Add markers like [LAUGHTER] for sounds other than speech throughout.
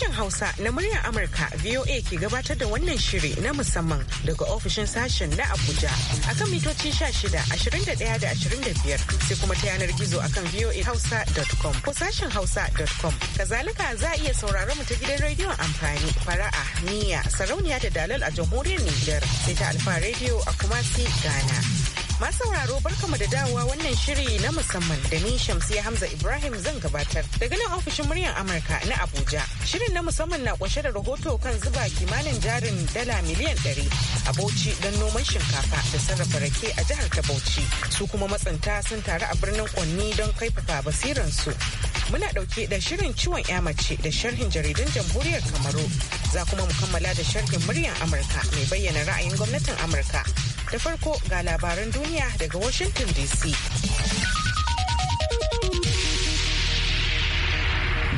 Sashen Hausa na muryar Amurka VOA ke gabatar da wannan shiri na musamman daga ofishin sashen na Abuja akan mitoci 16, 21 da 25 sai kuma ta yanar gizo akan voahausa.com ko sashen hausa.com. Kazalika za a iya sauraron mu ta gidan rediyon amfani fara'a niyya sarauniya da dalal a jamhuriyar Nijar sai ta alfa rediyo a kumasi Ghana. Masu sauraro barkamu da dawowa wannan shiri na musamman da ni Shamsiya Hamza Ibrahim zan gabatar daga nan ofishin muryar Amurka na Abuja. Shirin na musamman na kunshe da rahoto kan zuba kimanin jarin dala miliyan 100 a Bauchi don noman shinkafa da sarrafa rake a jihar ta Bauchi. Su kuma matsanta sun taru a birnin Kwanni don kaifafa su Muna dauke da shirin ciwon ya mace da sharhin jaridun jamhuriyar Kamaru. Za kuma mu kammala da sharhin muryar Amurka mai bayyana ra'ayin gwamnatin Amurka. da farko ga labaran duniya daga Washington DC.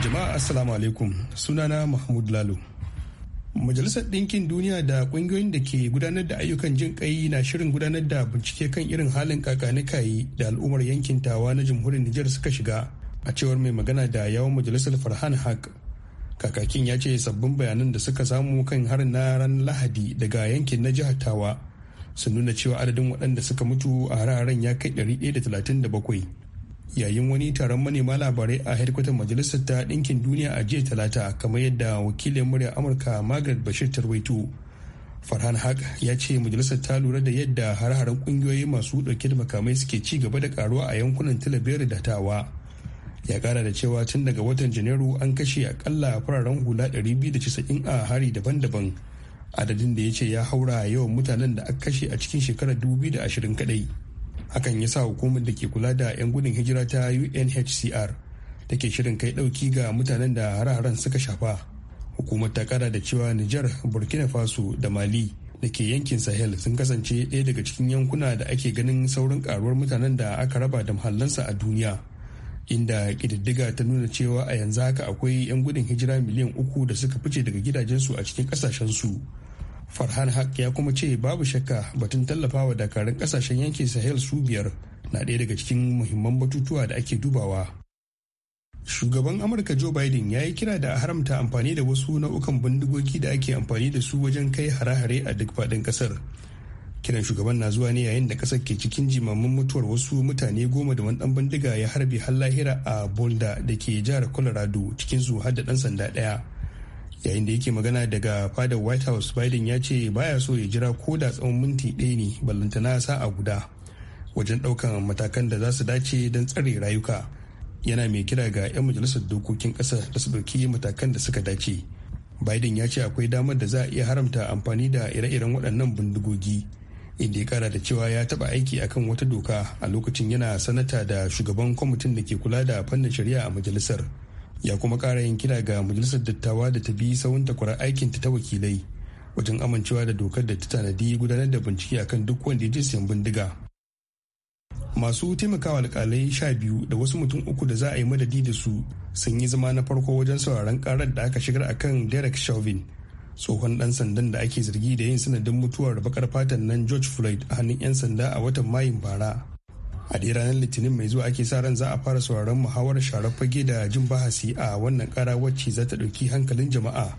Jama'a Assalamu alaikum sunana Mahmud Lalo. Majalisar Ɗinkin Duniya da ƙungiyoyin da ke gudanar da ayyukan jin ƙai na shirin gudanar da bincike kan irin halin kakanikayi da al'ummar yankin tawa na jamhuriyar Nijar suka shiga a cewar mai magana da yawon majalisar Farhan Haq. Kakakin ya ce sabbin bayanan da suka samu kan harin na ranar Lahadi daga yankin na jihar Tawa sun nuna cewa adadin waɗanda suka mutu a hare-haren ya kai 137 yayin wani taron manema labarai a hedkwatar majalisar ta ɗinkin duniya a jiya talata kamar yadda wakilin murya amurka margaret bashir tarwaito farhan haq ya ce majalisar ta lura da yadda hare-haren ƙungiyoyi masu ɗauke da makamai suke ci gaba da karuwa a yankunan talabiyar da tawa ya kara da cewa tun daga watan janairu an kashe akalla fararen hula 290 a hari daban-daban adadin da ya ce ya haura yawan mutanen da aka kashe a cikin shekarar ashirin kadai hakan ya sa hukumar da ke kula da 'yan gudun hijira ta unhcr ke shirin kai dauki ga mutanen da hare suka shafa hukumar ta kara da cewa niger burkina faso da mali da ke yankin sahel sun kasance ɗaya daga cikin yankuna da ake ganin saurin karuwar mutanen da aka raba da muhallansa a duniya inda ƙididdiga ta nuna cewa a yanzu haka akwai 'yan gudun hijira miliyan uku da suka fice daga gidajensu a cikin ƙasashensu su farhan haq ya kuma ce babu shakka batun tallafawa dakarun kasashen yankin sahel su biyar na ɗaya daga cikin muhimman batutuwa da ake dubawa shugaban amurka joe biden ya yi kira da a haramta amfani da wasu nau'ukan bindigogi da ake amfani da su wajen kai hare-hare a duk faɗin ƙasar kiran shugaban na zuwa ne yayin da ƙasar ke cikin jimamin mutuwar wasu mutane goma da wani bindiga ya harbi har lahira a boulder da ke jihar colorado cikin su har da ɗan sanda ɗaya yayin da yake magana daga fadar white house biden ya ce baya so ya jira ko da tsawon minti ɗaya ne ballantana sa'a guda wajen ɗaukan matakan da za su dace don tsare rayuka yana mai kira ga 'yan majalisar dokokin ƙasa da su ɗauki matakan da suka dace biden ya ce akwai damar da za a iya haramta amfani da ire-iren waɗannan bindigogi inda ya kara da cewa ya taɓa aiki akan wata doka a lokacin yana sanata da shugaban kwamitin da ke kula da fannin shari'a a majalisar ya kuma ƙara yin kira ga majalisar dattawa da ta bi sawun takwarar aikinta ta wakilai wajen amincewa da dokar da ta tanadi gudanar da bincike akan duk wanda ya je sayan bindiga masu taimakawa alkalai sha biyu da wasu mutum uku da za a yi madadi da su sun yi zama na farko wajen sauraron karar da aka shigar akan derek chauvin tsohon dan sandan da ake zargi da yin sanadin mutuwar bakar fatan nan george floyd a hannun 'yan sanda a watan mayin bara a dai ranar litinin mai zuwa ake sa ran za a fara sauraron muhawarar share fage da jin bahasi a wannan kara wacce za ta ɗauki hankalin jama'a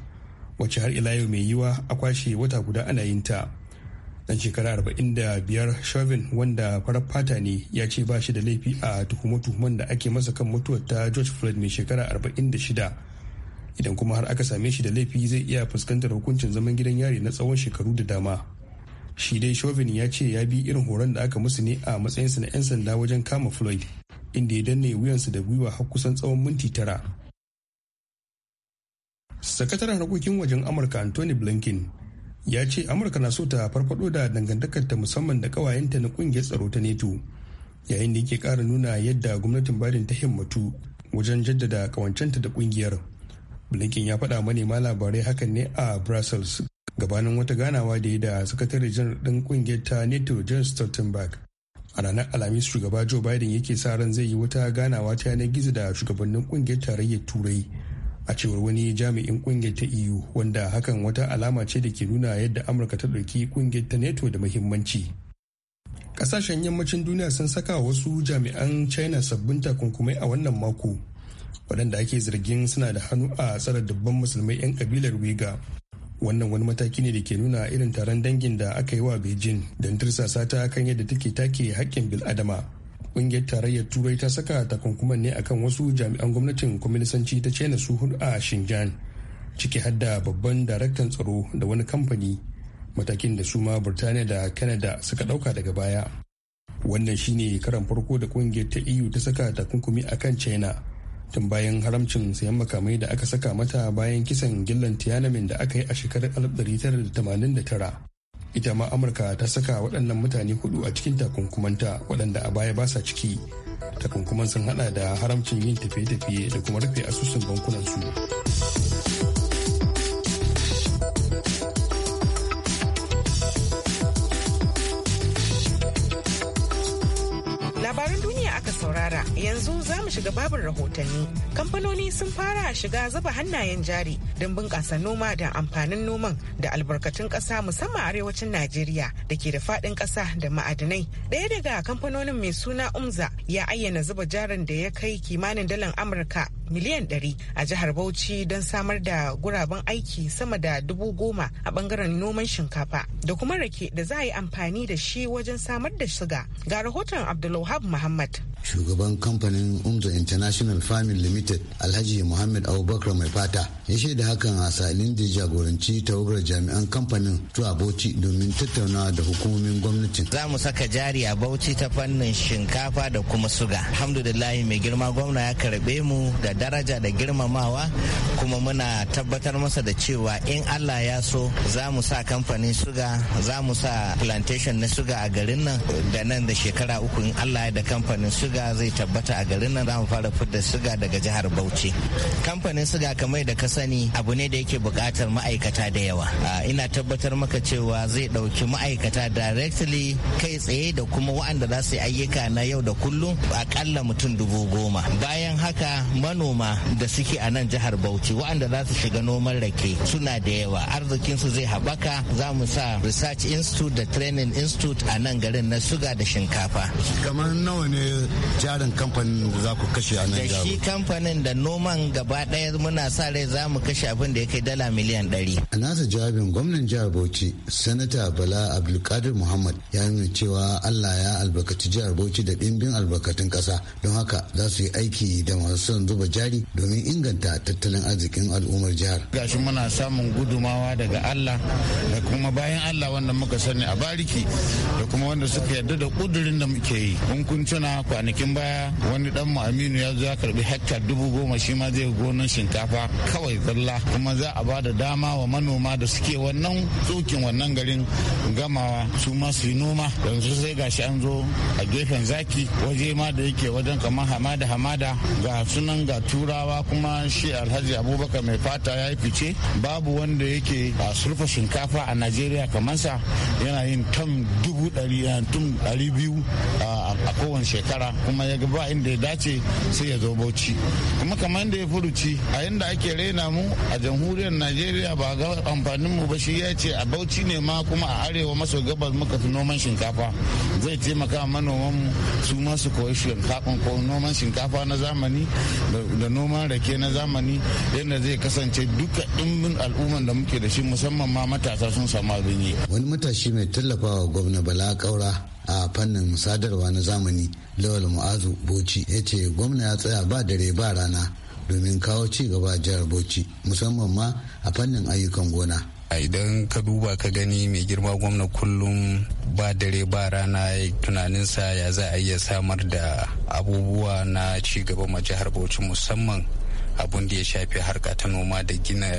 wacce har ila yau mai yiwa a kwashe wata guda ana yin ta dan shekara arba'in da biyar chauvin wanda farar fata ne ya ce ba shi da laifi a tuhume-tuhumen da ake masa kan mutuwar ta george floyd mai shekara arba'in da shida idan kuma har aka same shi da laifi zai iya fuskantar hukuncin zaman gidan yari na tsawon shekaru da dama shi dai chauvin ya ce ya bi irin horon da aka musu ne a matsayinsa na 'yan sanda wajen kama floyd inda ya danne wuyansa da gwiwa har kusan tsawon minti tara sakataren harkokin wajen amurka anthony blinken ya ce amurka na so ta farfado da dangantakarta musamman da kawayenta na kungiyar tsaro ta neto yayin da yake kara nuna yadda gwamnatin biden ta himmatu wajen jaddada kawancenta da kungiyar blinken ya faɗa manema labarai hakan ne a brussels gabanin wata ganawa da ya da sakatare janar ɗin ƙungiyar ta NATO John Stoltenberg. A ranar Alhamis shugaba Joe Biden yake sa ran zai yi wata ganawa ta yanar gizo da shugabannin ƙungiyar tarayyar Turai. a cewar wani jami'in kungiyar ta eu wanda hakan wata alama ce da ke nuna yadda amurka ta ɗauki kungiyar ta neto da muhimmanci kasashen yammacin duniya sun saka wasu jami'an china sabbin takunkumai a wannan mako waɗanda ake zargin suna da hannu a tsara dubban musulmai 'yan kabilar wiga wannan wani mataki ne da ke nuna irin taron dangin da aka yi wa beijing don tirsasa ta kan yadda take take hakkin bil'adama ƙungiyar tarayyar turai ta saka takunkuman ne akan wasu jami'an gwamnatin kwaminisanci ta china su hudu a shinjan ciki har da babban daraktan tsaro da wani kamfani matakin da suma birtaniya da canada suka ɗauka daga baya wannan shine karan farko da ƙungiyar ta eu ta saka takunkumi akan china tun bayan haramcin sayan makamai da aka saka mata bayan kisan gillan tiananmen da aka yi a shekarar 1989 ita ma amurka ta saka waɗannan mutane hudu a cikin takunkumanta waɗanda a baya ba sa ciki takunkuman sun hada da haramcin yin tafiye-tafiye da kuma rufe asusun bankunansu. su asara yanzu za mu shiga babin rahotanni kamfanoni sun fara shiga zuba hannayen jari don bunƙasa noma da amfanin noman da albarkatun ƙasa musamman arewacin najeriya da ke da faɗin ƙasa da ma'adinai ɗaya daga kamfanonin mai suna umza ya ayyana zuba jarin da ya kai kimanin dalar amurka miliyan 100 a jihar Bauchi don samar da guraben aiki sama da dubu goma a bangaren noman shinkafa da kuma rake da za a yi amfani da shi wajen samar da shiga. Ga rahoton Abdulwahab Muhammad. Shugaban kamfanin Umza International Farming Limited Alhaji Muhammad Abubakar Mai Fata ya shaida hakan a salin da jagoranci ta wurin jami'an kamfanin zuwa Bauchi domin tattaunawa da hukumomin gwamnatin. Za mu saka jari a Bauchi ta fannin shinkafa da kuma suga. Alhamdulillah mai girma gwamna ya karbe mu da daraja da girmamawa kuma muna tabbatar masa da cewa in allah ya so za mu sa kamfanin suga za mu sa plantation na suga a garin nan da nan da shekara uku in allah ya da kamfanin suga zai tabbata a garin nan za mu fara fidda suga daga jihar bauchi kamfanin suga kamar da ka sani abu ne da yake buƙatar ma'aikata da yawa ina tabbatar maka cewa zai ɗauki ma'aikata directly kai tsaye da kuma waɗanda za su yi ayyuka na yau da kullum akalla mutum dubu goma bayan haka manu. manoma da suke a nan jihar Bauchi waɗanda za su shiga noman rake suna da yawa arzikinsu zai haɓaka za mu sa Research Institute da Training Institute a nan garin na suga da shinkafa. Kamar nawa ne jarin kamfanin za ku kashe a nan Da shi kamfanin da noman gaba ɗaya muna sa rai za mu kashe abin da ya kai dala miliyan ɗari. A nasa jawabin gwamnan jihar Bauchi, Sanata Bala Abdulkadir Muhammad ya nuna cewa Allah ya albarkaci jihar Bauchi da ɗimbin albarkatun ƙasa don haka za su yi aiki da masu son zuba jari domin inganta tattalin arzikin al'ummar jihar. Gashi muna samun gudumawa daga Allah da kuma bayan Allah wanda muka sani a bariki da kuma wanda suka yarda da kudurin da muke yi. Kun kun tuna kwanakin baya wani dan mu Aminu ya zo ya karbi hekta dubu goma shi ma zai gonan shinkafa kawai zalla kuma za a ba da dama wa manoma da suke wannan tsokin wannan garin gamawa su ma su yi noma yanzu sai gashi an zo a gefen zaki waje ma da yake wajen kamar hamada hamada ga sunan ga turawa kuma shi alhaji abubakar mai fata ya yi fice babu wanda yake a surfa shinkafa a najeriya kamar sa yana yin tam dubu ɗari biyu a kowane shekara kuma ya ba inda ya dace sai ya zo bauchi kuma kamar da ya furuci a inda ake raina mu a jamhuriyar najeriya ba ga amfanin mu ba shi ya ce a bauchi ne ma kuma a arewa maso gabas muka fi noman shinkafa zai taimaka manoman su masu koyi shinkafa ko noman shinkafa na zamani da noman rake na zamani yadda zai kasance duka dimbin al'umman da muke da shi musamman ma matasa sun samu abin yi wani matashi mai tallafawa gwamna bala kaura a fannin sadarwa na zamani lawal mu'azu bauchi ya ce gwamna ya tsaya ba dare ba rana domin kawo ci gaba jihar bauchi musamman ma a fannin ayyukan gona idan ka duba ka gani mai girma gwamna kullum ba dare ba rana tunaninsa ya za a iya samar da abubuwa na ci gaba ma jihar bauchi musamman abun da ya shafi harka ta noma da gina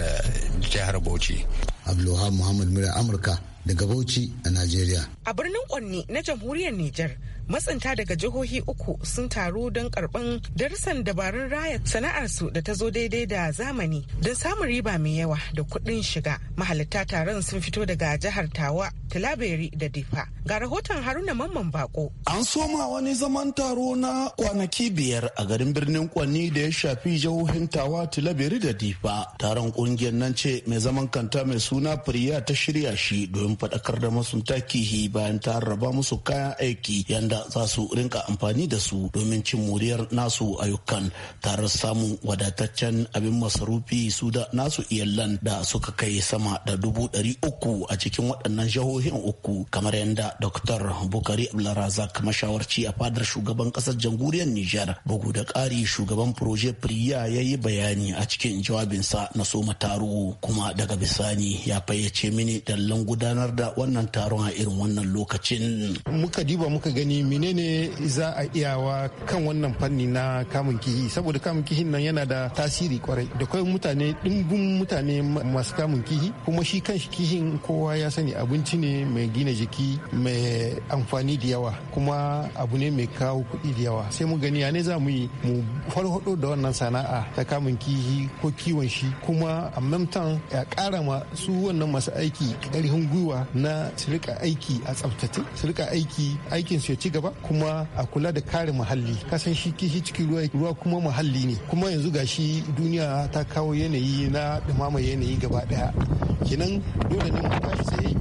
jihar bauchi abdulhamid muhammad mura amurka daga Bauchi a Najeriya. A birnin kwanni na jamhuriyar Nijar, matsinta daga jihohi uku sun taru don karɓan darussan dabarun raya su da ta zo daidai da zamani don samun riba mai yawa da kuɗin shiga. Mahalitta taron sun fito daga jihar Tawa, Tilaberi da Difa. Ga rahoton Haruna Mamman Bako. An soma wani zaman taro na kwanaki biyar a garin birnin Kwanni da ya shafi jihohin Tawa, Tilaberi da Difa. Taron kungiyar nan ce mai zaman kanta mai suna Firiya ta shirya shi domin fadakar faɗakar da masu takihi bayan ta raba musu kayan aiki yadda za su rinka amfani da su domin cin moriyar nasu ayyukan tare samun wadataccen abin masarufi su da nasu iyalan da suka kai sama da dubu ɗari uku a cikin waɗannan jihohin uku kamar yadda Dr. Bukari Abdulrazak mashawarci a fadar shugaban ƙasar jamhuriyar Nijar bugu da ƙari shugaban Proje Priya ya yi bayani a cikin jawabinsa na soma taro kuma daga bisani ya fayyace mini dallan gudanar gudanar da wannan taron a irin wannan lokacin. Muka diba muka gani menene za a iyawa kan wannan fanni na kamun kihi saboda kamun kihin nan yana da tasiri kwarai da kai mutane dimbin mutane masu kamun kihi kuma shi kan shi kihin kowa ya sani abinci ne mai gina jiki mai amfani da yawa kuma abu ne mai kawo kuɗi da yawa sai mu gani ne za mu yi mu farfaɗo da wannan sana'a ta kamun kihi ko kiwon shi kuma a mamtan ya ƙara ma su wannan masu aiki ƙarfin gwiwa zuwa na su rika aiki a tsaftace su aiki aikin su ya ci gaba kuma a kula da kare muhalli kasan shi kishi cikin ruwa kuma muhalli ne kuma yanzu gashi duniya ta kawo yanayi na dumama yanayi gaba daya kenan dole ne mu tashi tsaye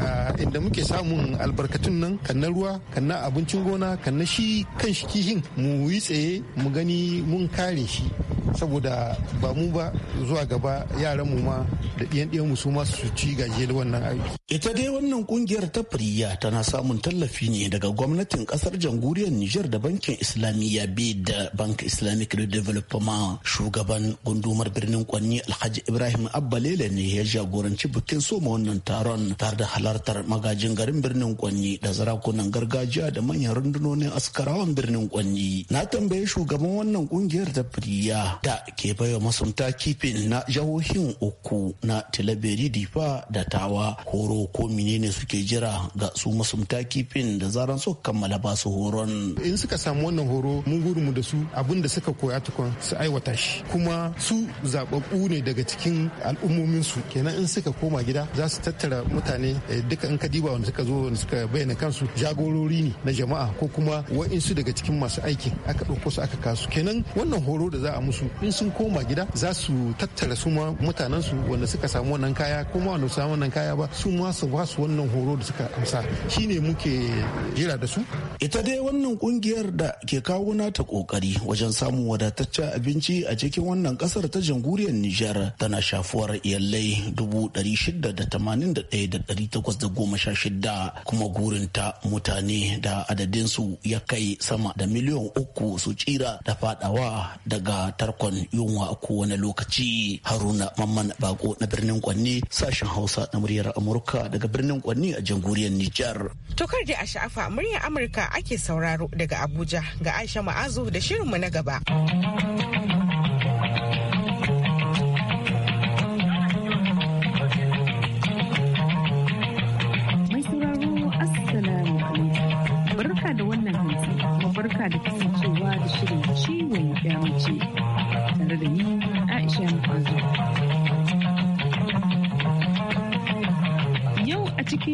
ah, inda muke samun albarkatun nan kan na ruwa kan na abincin gona kan na shi kan shi kishin mu yi tsaye mu gani mun kare shi saboda ba mu ba zuwa gaba yaran mu ma da ɗiyan ɗiyan mu su ma su ci gajiyar wannan aiki. Ita dai wannan kungiyar ta Firiya tana samun tallafi ne daga gwamnatin kasar jamhuriyar niger da bankin Islamiyya BID da Bank Islamic development shugaban gundumar birnin Kwanni Alhaji Ibrahim Abbalele ne ya jagoranci bikin soma wannan taron tare da halartar magajin garin birnin Kwanni da zarakunan gargajiya da manyan rundunonin askarawan birnin Kwanni. Na tambaye shugaban wannan kungiyar ta Firiya da ke baiwa masunta kifin na jihohin uku na tilaberi difa da tawa horo ko menene suke jira ga su masunta kifin da zaran su kammala ba su horon in suka samu wannan horo mun gurmu da su abin da suka koya tukun su aiwata shi kuma su zababbu ne daga cikin al'ummomin su kenan in suka koma gida za su tattara mutane eh, duka in diba wanda suka zo wanda suka bayyana kansu jagorori ne na jama'a ko kuma wa'insu daga cikin masu aikin aka ɗauko su aka kasu kenan wannan horo da za a musu in sun koma gida za su tattara su ma mutanen su wanda suka samu wannan kaya ko ma wanda samu wannan kaya ba su ma su ba su wannan horo da suka amsa shine muke jira da su ita dai wannan kungiyar da ke kawo nata kokari wajen samun wadataccen abinci a cikin wannan kasar ta jamhuriyar Nijar tana shafuwar iyalai 681,816 kuma gurin ta mutane da adadinsu ya kai sama da miliyan uku su tsira da fadawa daga tarko bakon yunwa a kowane lokaci haruna mamman bako na birnin kwanni sashen hausa na muryar amurka daga birnin kwanni a jamhuriyar nijar tokar da a sha'afa muryar amurka ake sauraro daga abuja ga aisha ma'azu da shirinmu na gaba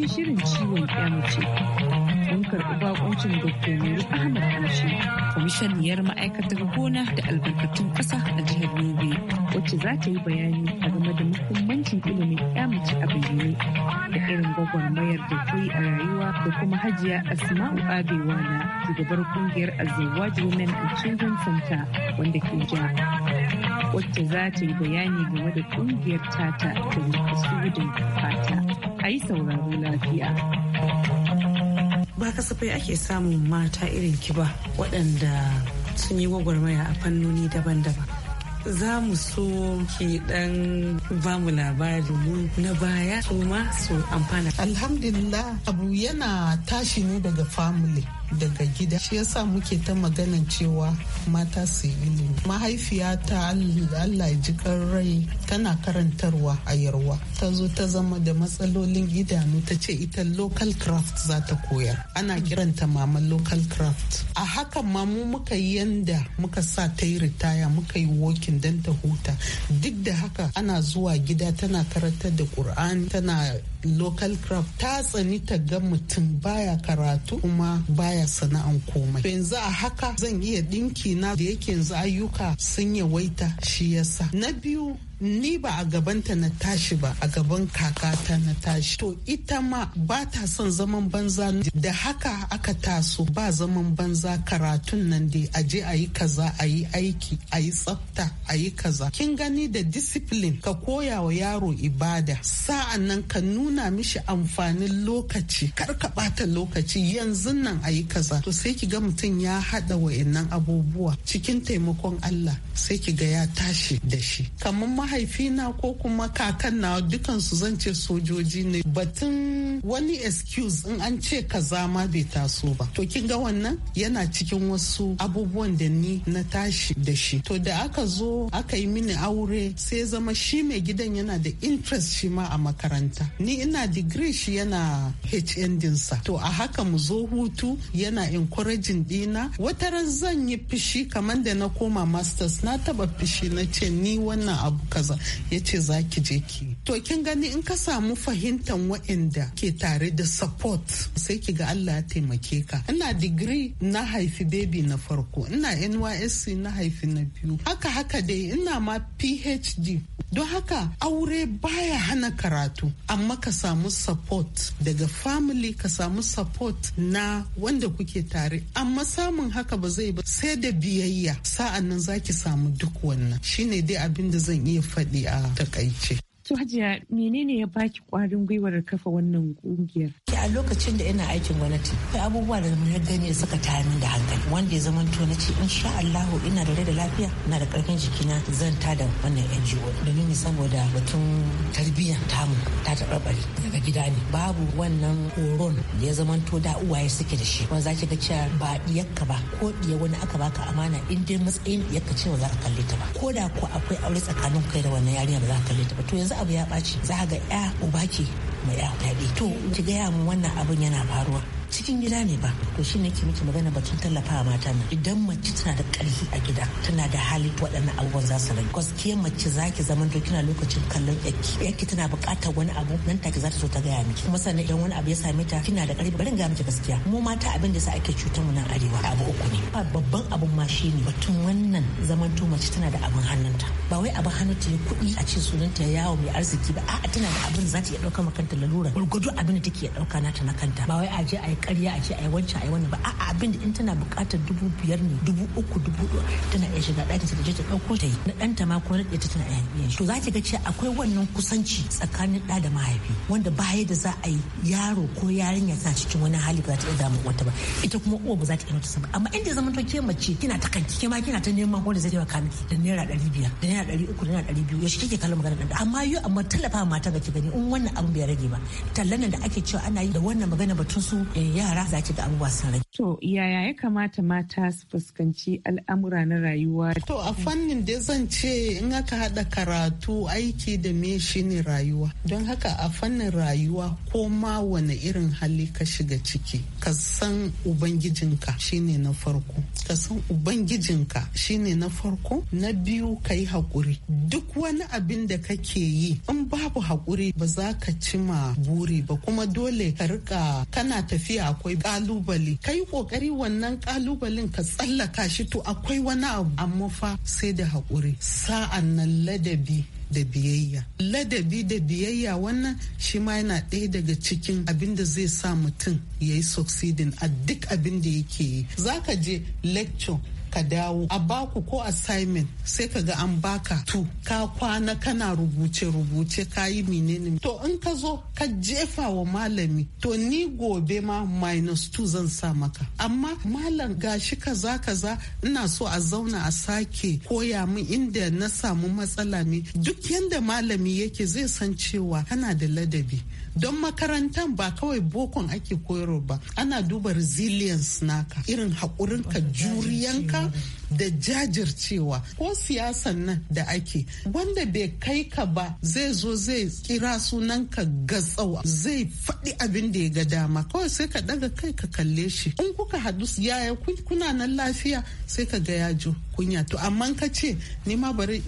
yi shirin ciwon mace mun karɓi bakoncin dr nuru ahmad amshi kwamishiniyar ma'aikatar gona da albarkatun ƙasa a jihar yobe wacce za ta yi bayani a game da muhimmancin ilimin mace a bayyane da irin gwagwarmayar da ta a rayuwa da kuma hajiya asma'u abewa na shugabar kungiyar azawaji women and children center wanda ke ja wacce za ta yi bayani game da ƙungiyar tata da makasudin fata a yi sauraro lafiya. Ba kasafai ake samun mata irin ki ba waɗanda sun yi gwagwarmaya a fannoni daban-daban. za mu so ki dan ba mu labari na baya su ma su amfana. Alhamdulillah abu yana tashi ne daga family. daga gida shi yasa muke ta maganan cewa mata su yi ilimi mahaifiya ta allah jikar rai tana karantarwa a yarwa ta zo ta zama da matsalolin idanu ta ce ita local craft za ta koyar ana kiranta mama local craft a hakan ma mu muka yi yanda muka sa ta yi ritaya muka yi wokin don ta huta duk da haka ana zuwa gida tana karantar da ƙur'ani tana local craft ta tsani ta ga mutum baya karatu kuma baya baya sana'an komai yanzu a haka zan iya dinki na da yake yanzu ayyuka sun yawaita shi yasa na biyu ni ba a gabanta na tashi ba a gaban kakata na tashi to ita ma ba ta son zaman banza da haka aka taso ba zaman banza karatun nan dai a je a yi kaza a yi aiki a yi tsafta a yi kaza kin gani da discipline ka koya wa yaro ibada sa'an nan ka nuna mishi amfanin lokaci kar ka bata lokaci yanzu nan a yi kaza to sai ki ga mutum ya haɗa wa'annan abubuwa cikin taimakon Allah sai ki ga ya tashi da shi kamar mahaifina ko kuma kakan na dukansu zan ce sojoji ne batun wani excuse in an ce kaza ma bai taso ba to kin ga wannan yana cikin wasu abubuwan da ni na tashi da shi to da aka zo aka yi mini aure sai zama shi mai gidan yana da interest shi ma a makaranta ni ina degree shi yana hn dinsa to a haka mu zo hutu yana encouraging dina ran zan yi fishi kamar da na koma masters na taba fishi na ce ni wannan abu kaza ya ce za ki je ki to kin gani in ka samu fahimtan waɗanda ke tare da support sai ki ga Allah ya taimake ka ina digiri na haifi baby na farko ina NYSC na haifi na biyu haka haka dai ina ma PhD don haka aure baya hana karatu amma ka samu support daga family ka samu support na wanda kuke tare amma samun haka ba zai ba sai da biyayya sa'an nan zaki samu duk wannan shine dai abin da zan iya faɗi a takaice. So Hajiya menene ya baki kwarin gwiwar kafa wannan kungiyar? A lokacin da ina aikin gwamnati, akwai abubuwa da na gani da suka tayar min da hankali wanda ya zama to na ce insha Allahu ina da rai da lafiya ina da karfin jikina zan ta da wannan NGO domin saboda batun tarbiyya tamu ta taɓarɓare daga gida ne babu wannan horon da ya zama to da uwaye suke da shi wanda zaki ga cewa ba diyakka ba ko diya wani aka baka amana in dai matsayin diyakka cewa za ka kalle ta ba ko da ko akwai aure tsakanin kai da wannan yarinya ba za ka kalle ta ba to yanzu abu ya ɓaci za ga ya uba ke mai da daɗi to ki gaya mu wannan abin yana faruwa cikin gida ne ba to shi ne miki magana batun tallafa a mata nan idan mace tana da ƙarfi a gida tana da hali waɗannan abubuwan za su rage gaskiya mace za ki zama to kina lokacin kallon yaki yaki tana buƙatar wani abu nan take za ta so ta gaya miki kuma sannan idan wani abu ya same ta kina da ƙarfi bari ga miki gaskiya mu mata abin da sa ake cutar mu nan arewa abu uku ne babban abun ma shi ne batun wannan zaman to mace tana da abin hannunta ba wai abin hannunta ya kuɗi a ce sunanta yawo mai arziki ba a'a tana da abin za ta iya ɗaukar kanta lalura gurgudu abin da take dauka nata na kanta ba wai a je a yi karya a ce a yi wancan a yi wannan ba a abin da in tana buƙatar dubu biyar ne dubu uku dubu tana iya shiga ɗakin ta je ta ɗauko ta yi na ta ma ko na ta tana iya to za ki ga cewa akwai wannan kusanci tsakanin ɗa da mahaifi wanda ba da za a yi yaro ko yarinya tana cikin wani hali ba za ta iya damu wata ba ita kuma uwa ba za ta iya nutsa ba amma inda zaman to ke mace kina ta kanki ke ma kina ta neman wanda zai taimaka miki da naira ɗari biyar da naira ɗari uku da naira ɗari biyu yaushe kike kallon magana ɗan amma yau amma tallafa mata ga ki gani in wannan abin bai rage rage ba tallan da ake cewa ana yi da wannan magana batun su eh, yara za ki ga abubuwa sun rage to yaya ya kamata mata su fuskanci al'amura na rayuwa to a fannin da zan ce in aka hada karatu aiki da me shi ne rayuwa don haka a fannin rayuwa ko ma wani irin hali ka shiga ciki ka san ubangijinka shine na farko ka san ubangijinka shine na farko na biyu ka hakuri duk wani abin da kake yi in babu hakuri, ba za ka ci cimma buri ba kuma dole ka rika kana tafiya akwai kalubale kayi ƙoƙari kokari wannan kalubalen ka tsallaka shi to akwai wani abu amma fa sai da haƙuri sa'an nan ladabi da biyayya. Ladabi da biyayya wannan shi ma yana ɗaya daga cikin abin da zai sa mutum ya yi succeeding a duk abin da yake yi. Za ka je lecture ka dawo a baku ko assignment sai ka ga an baka tu ka kwana kana rubuce rubuce ka yi menene to in ka zo ka jefa wa malami to ni gobe ma minus two zan sa maka amma malam gashi kaza kaza ina so a zauna a sake koya min inda na samu matsala ne duk yanda malami yake zai san cewa kana da ladabi don makarantan ba kawai bokon ake koyarwa ba ana duba resilience naka irin haƙurinka juriyanka da jajircewa ko siyasan nan da ake wanda bai kai ka ba zai zo zai kira sunan ka ga tsawa zai faɗi abin da ya ga dama kawai sai ka ɗaga kai ka kalle shi in kuka haɗu yaya kuna nan lafiya sai ka ga yajo kunya to amma ka ce ni ma bari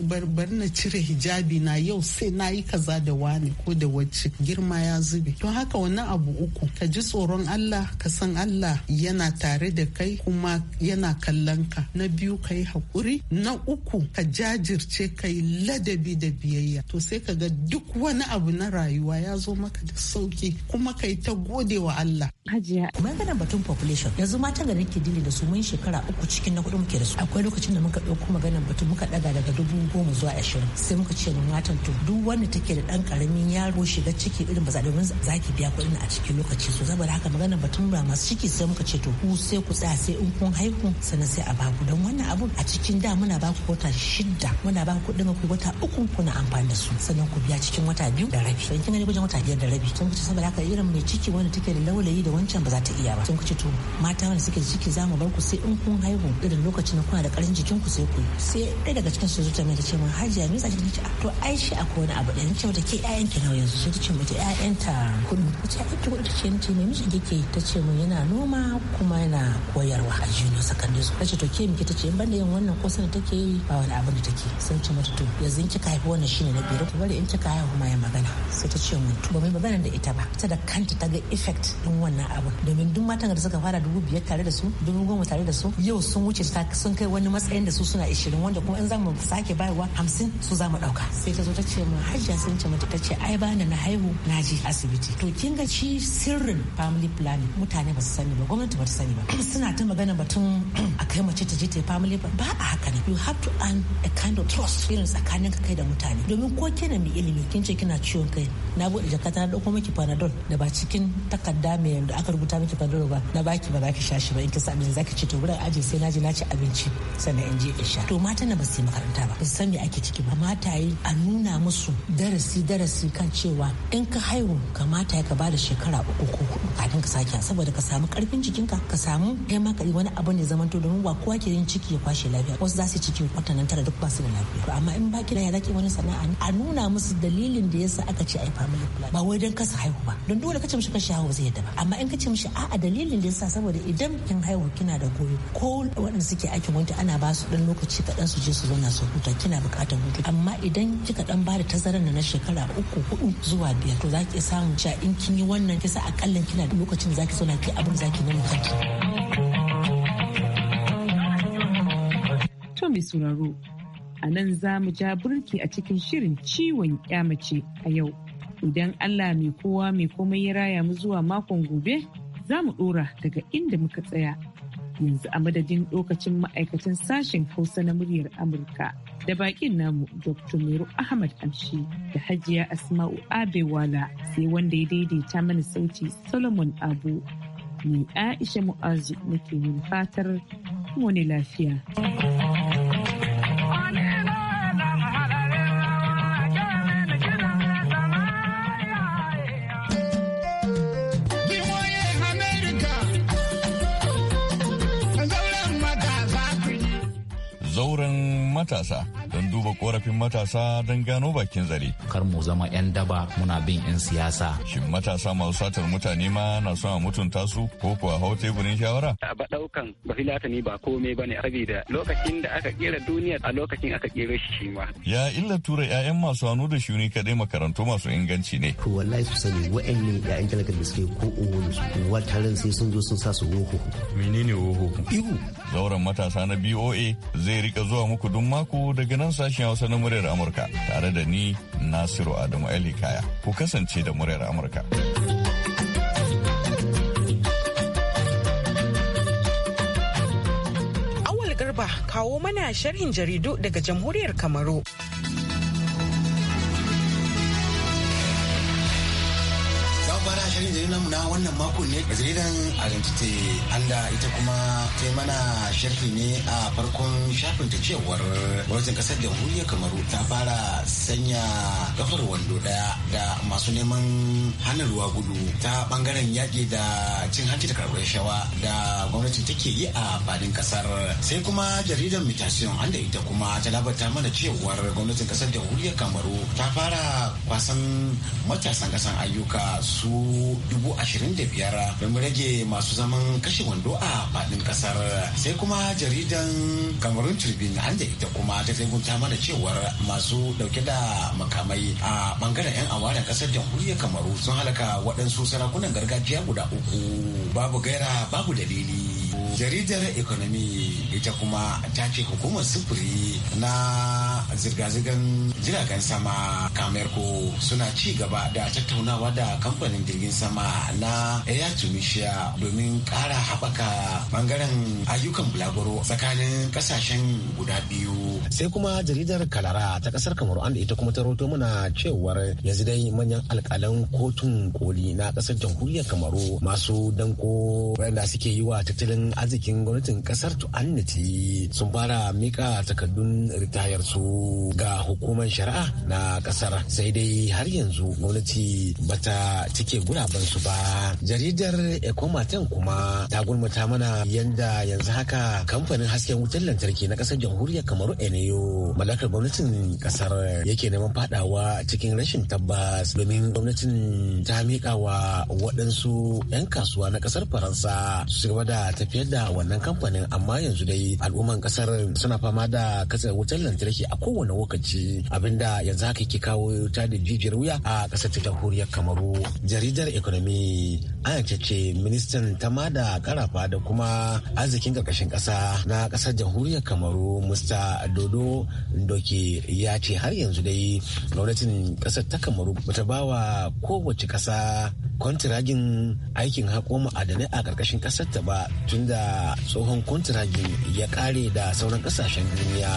na cire hijabi na yau sai na yi kaza da wani ko da wacce girma ya zube to haka wani abu uku ka ji tsoron Allah ka san Allah yana tare da kai kuma yana kallon ka na biyu biyu ka yi haƙuri na uku ka jajirce ka yi ladabi da biyayya to sai ka ga duk wani abu na rayuwa ya zo maka da sauki kuma ka yi ta gode wa Allah. Hajiya. Maganar batun population yanzu matan da nake da su mun shekara uku cikin na kuɗi muke da su akwai lokacin da muka ɗauko maganar batun muka ɗaga daga dubu goma zuwa ashirin sai muka ce mu matan to duk wanda take da ɗan ƙaramin yaro shiga ciki irin ba za domin za ki biya kuɗin a cikin lokaci so saboda haka maganar batun ba masu ciki sai muka ce to ku sai ku tsaya sai in kun haihu sannan sai a baku don wannan wannan abun a cikin da muna ba ku wata shida muna ba ku kuɗin ku wata uku na amfani da su sannan ku biya cikin wata biyu da rabi sai kin gani wajen wata biyar da rabi kin kuce saboda haka irin mai ciki wanda take da laulayi da wancan ba za ta iya ba kin kuce to mata wanda suke ciki za mu bar ku sai in kun haihu irin lokacin da kuna da karin jikin ku sai ku sai ɗaya daga cikin su zuciya mai ta ce min hajiya me yasa kike ce ah, to ai shi akwai wani abu da ni ce wata ke ƴaƴan ki nawa yanzu sai ta ce mata ƴaƴan ta kudu ta ce ƴaƴan ki kudu ta ce ni ce ta ce yana noma kuma yana koyarwa a junior secondary school ta ce to ke miki ta ce yin banda yin wannan kusa da take yi ba wani abu da take sun ce mata to yanzu in kika haifi wannan shine na biyar to bari in kika haihu kuma ya magana sai ta ce mun ba mai magana da ita ba ta da kanta ta ga effect din wannan abin domin duk matan da suka fara dubu biyar tare da su dubu goma tare da su yau sun wuce sun kai wani matsayin da su suna ishirin wanda kuma in zamu sake bayarwa hamsin su zamu dauka sai ta zo ta ce mun hajjia sun ce mata ta ce ai bani na haihu na je asibiti to kin ga shi sirrin family planning mutane ba su sani ba gwamnati ba ta sani ba suna ta magana batun [CLEARS THROAT] a kai mace ta je ta yi family ba ba a haka ne you have to earn a kind of trust irin tsakanin ka kai da mutane domin ko kina mai ilimi kin ce kina ciwon kai na bude jakata na dauko miki panadol da ba cikin takarda mai da aka rubuta miki panadol ba na baki ba za ki sha shi ba in ki sa abinci za ki ce to wurin aji sai na na ci abinci sannan in je in sha to mata na ba su yi makaranta ba ba san me ake ciki ba mata yi a nuna musu darasi darasi kan cewa in ka haihu kamata ya ka bada shekara uku ko hudu kafin ka sake saboda ka samu karfin jikinka ka samu kai ma ka yi wani abu ne zamanto domin ba kowa ke yin ciki ciki ya kwashe lafiya wasu za su cikin wata nan tara duk ba su da lafiya amma in ba ki ya zaki wani sana'a a nuna musu dalilin da yasa aka ce ai family plan ba wai don kasa haihu ba don dole kace mishi ka haihu ba zai yadda ba amma in kace mishi a'a dalilin da yasa saboda idan kin haihu kina da goyo ko waɗanda suke aikin wanda ana ba su dan lokaci kaɗan su je su zauna su huta kina buƙatar hutu amma idan kika dan ba da tazaran na shekara uku hudu zuwa biyar to zaki samu cewa in kin yi wannan kisa akalla kina da lokacin zaki zauna ki abin zaki nemi kanki. mai sauraro. A nan za mu ja burki a cikin shirin ciwon mace a yau. Idan Allah mai kowa mai komai ya raya mu zuwa makon gobe, za mu ɗora daga inda muka tsaya. Yanzu a madadin lokacin ma'aikatan sashen Hausa na muryar Amurka da baƙin namu Dr. Meru Ahmad Amshi da Hajiya Asma'u Abewala sai wanda ya daidaita mana sauti Solomon Abu. Ni Aisha Mu'azu nake yin fatar mu ne lafiya. matasa korafin matasa don gano bakin zare. Kar mu zama 'yan daba muna bin 'yan siyasa. Shin matasa masu satar mutane ma na son a mutunta su ko kuwa hau teburin shawara? A ba ɗaukan ba filatani ba komai ba ne saboda lokacin da aka kera duniya a lokacin aka kera shi ma. Ya illa tura 'ya'yan masu hannu da shuni kaɗai makarantu masu inganci ne. ko wallahi su sani ne 'ya'yan talakar da suke ko uwan su wataran sai sun zo sun sa su woho. Menene woho? Ihu. Zauren matasa na BOA zai rika zuwa muku duk mako daga nan sashen Hausa na muryar Amurka tare da ni Nasiru Adamu Ali Kaya. Ku kasance da muryar Amurka. Awal Garba kawo mana sharhin jaridu daga Jamhuriyar Kamaru. wannan mako ne jaridan identity anda ita kuma ta mana sharhi ne a farkon shafin ta cewar gwamnatin kasar jamhuriyar kamaru ta fara sanya kafar wando daya da masu neman hana ruwa gudu ta bangaren yaƙi da cin hanci da karɓar shawa da gwamnatin take yi a fadin kasar sai kuma jaridar mutation an da ita kuma ta labarta mana cewar gwamnatin kasar jamhuriyar kamaru ta fara kwasan matasan kasan ayyuka su dubu ashirin da biyar don rage masu zaman kashe wando a fadin kasar sai kuma jaridan kamarun tribune an da ita kuma ta tsegunta mana cewar masu dauke da makamai a bangaren yan kamawa da kasar jamhuriyar kamaru sun halaka waɗansu sarakunan gargajiya guda uku babu gaira babu dalili jaridar ekonomi ita kuma ta ce hukumar sufuri na zirga-zirgar jiragen sama kamerko suna ci gaba da tattaunawa da kamfanin jirgin sama na air tunisia domin kara haɓaka bangaren ayyukan bulaguro tsakanin kasashen guda biyu sai kuma jaridar kalara ta kasar kamaru an da ita kuma ta roto mana cewar yanzu dai manyan alkalan kotun koli na kasar jamhuriyar kamaru masu danko waɗanda suke yi wa tattalin arziki arzikin gwamnatin kasar to annati sun fara mika takardun ritayar su ga hukumar shari'a na kasar sai dai har yanzu gwamnati bata cike guraben su ba jaridar ekomaten kuma ta gulmata mana yanda yanzu haka kamfanin hasken wutar lantarki na kasar jamhuriyar kamaru eneyo mallakar gwamnatin kasar yake neman fadawa cikin rashin tabbas domin gwamnatin ta mika wa waɗansu 'yan kasuwa na kasar faransa su gaba da tafiyar da wannan kamfanin amma yanzu dai al'umman kasar suna fama da kasa wutar lantarki a kowane lokaci abinda yanzu haka ke kawo ta da jijiyar wuya a kasar ta jamhuriyar kamaru jaridar economy an ce ministan tama da karafa da kuma arzikin karkashin kasa na kasar jamhuriyar kamaru musta dodo doke ya ce har yanzu dai gwamnatin kasar ta kamaru bata ba wa kowace kasa kwantiragin aikin haƙo ma'adanai a karkashin kasar ta ba tunda da tsohon kontiragin ya kare da sauran kasashen duniya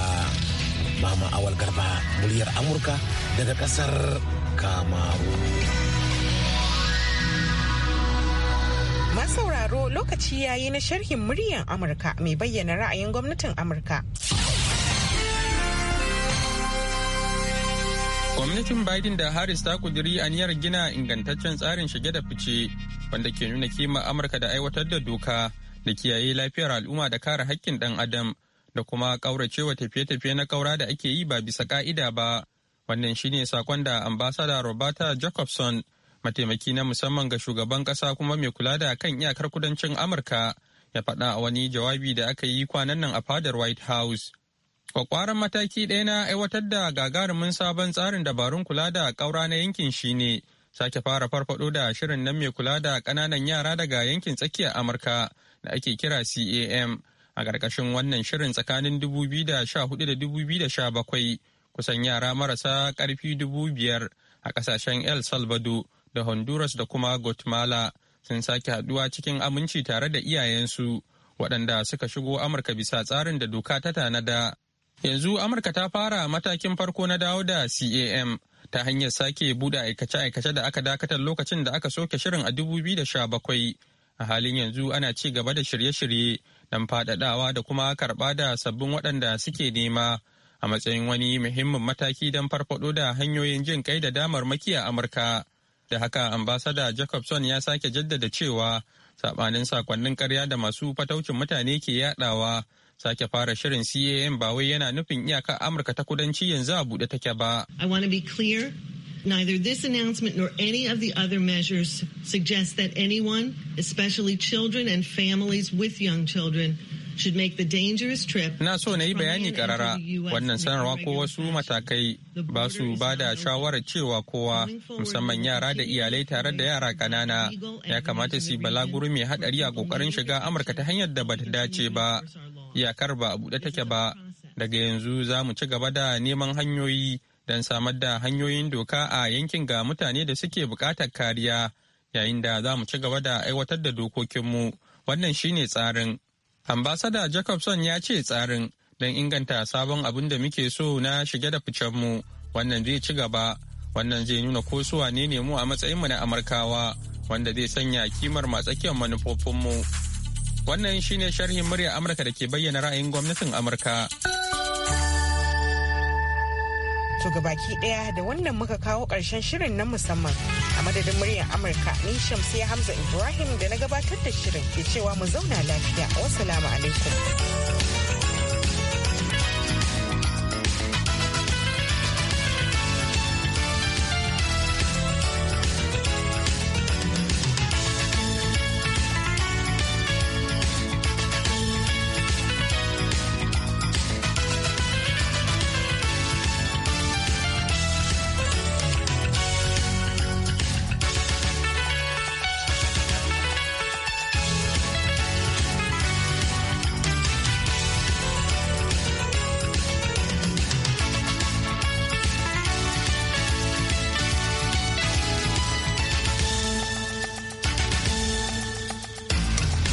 mama awal garba muryar amurka daga kasar kamaru masauraro lokaci yayi na sharhin muryar amurka mai bayyana ra'ayin gwamnatin amurka Gwamnatin Biden da Harris ta kuduri aniyar gina ingantaccen tsarin shige da fice wanda ke nuna kima Amurka da aiwatar da doka da kiyaye lafiyar al'umma da kare haƙƙin ɗan adam da kuma ƙauracewa tafiye-tafiye na ƙaura da ake yi ba bisa ƙa'ida ba wannan shine sakon da ambasada roberta jacobson mataimaki na musamman ga shugaban ƙasa kuma mai kula da kan iyakar kudancin amurka ya faɗa a wani jawabi da aka yi kwanan nan a fadar white house kwakwaran mataki ɗaya na aiwatar da gagarumin sabon tsarin dabarun kula da ƙaura na yankin shine sake fara farfaɗo da shirin nan mai kula da ƙananan yara daga yankin tsakiyar amurka da ake kira CAM a ƙarƙashin wannan shirin tsakanin 2014 da 2017 kusan yara marasa ƙarfi 5,000 a ƙasashen El Salvador da Honduras da kuma Guatemala sun sake haduwa cikin aminci tare da iyayensu waɗanda suka shigo Amurka bisa tsarin da doka ta tanada. Yanzu Amurka ta fara matakin farko na dawo da CAM ta hanyar sake buɗe aikace-aikace da aka dakatar lokacin da aka soke shirin a 2017 a halin yanzu ana ci gaba da shirye-shirye don faɗaɗawa da kuma karɓa da sabbin waɗanda suke nema a matsayin wani muhimmin mataki don farfaɗo da hanyoyin jin kai da damar makiya amurka da haka ambasada jacobson ya sake jaddada cewa saɓanin sakonnin karya da masu fataucin mutane ke yaɗawa sake fara shirin cam ba wai yana nufin iyakar Amurka ta kudanci yanzu a buɗe take ba. Neither this announcement nor any of the other measures suggest that anyone, especially children and families with young children, should make the dangerous trip. so yi bayani karara wannan sanarwa ko wasu matakai ba su ba da shawarar cewa kowa musamman yara da iyalai tare da yara kanana ya kamata su balaguro mai hadari a kokarin shiga Amurka ta hanyar da dace ba. Iyakar ba a buɗe take ba. Daga yanzu za mu ci gaba da neman hanyoyi don samar da hanyoyin doka a yankin ga mutane da suke bukatar kariya yayin da za mu ci gaba da aiwatar da dokokinmu wannan shine tsarin ambasada jacobson ya ce tsarin don inganta sabon abin da muke so na shige da ficenmu wannan zai ci gaba wannan zai nuna ko su ne mu a matsayinmu na amurkawa wanda zai sanya kimar matsakiyar manufofinmu wannan shine sharhin murya amurka da ke bayyana ra'ayin gwamnatin amurka To baki daya da wannan muka kawo ƙarshen shirin na musamman a madadin muryar Amurka ni Shamsiya Hamza Ibrahim da na gabatar da shirin ke cewa mu zauna lafiya. Wassalamu alaikum.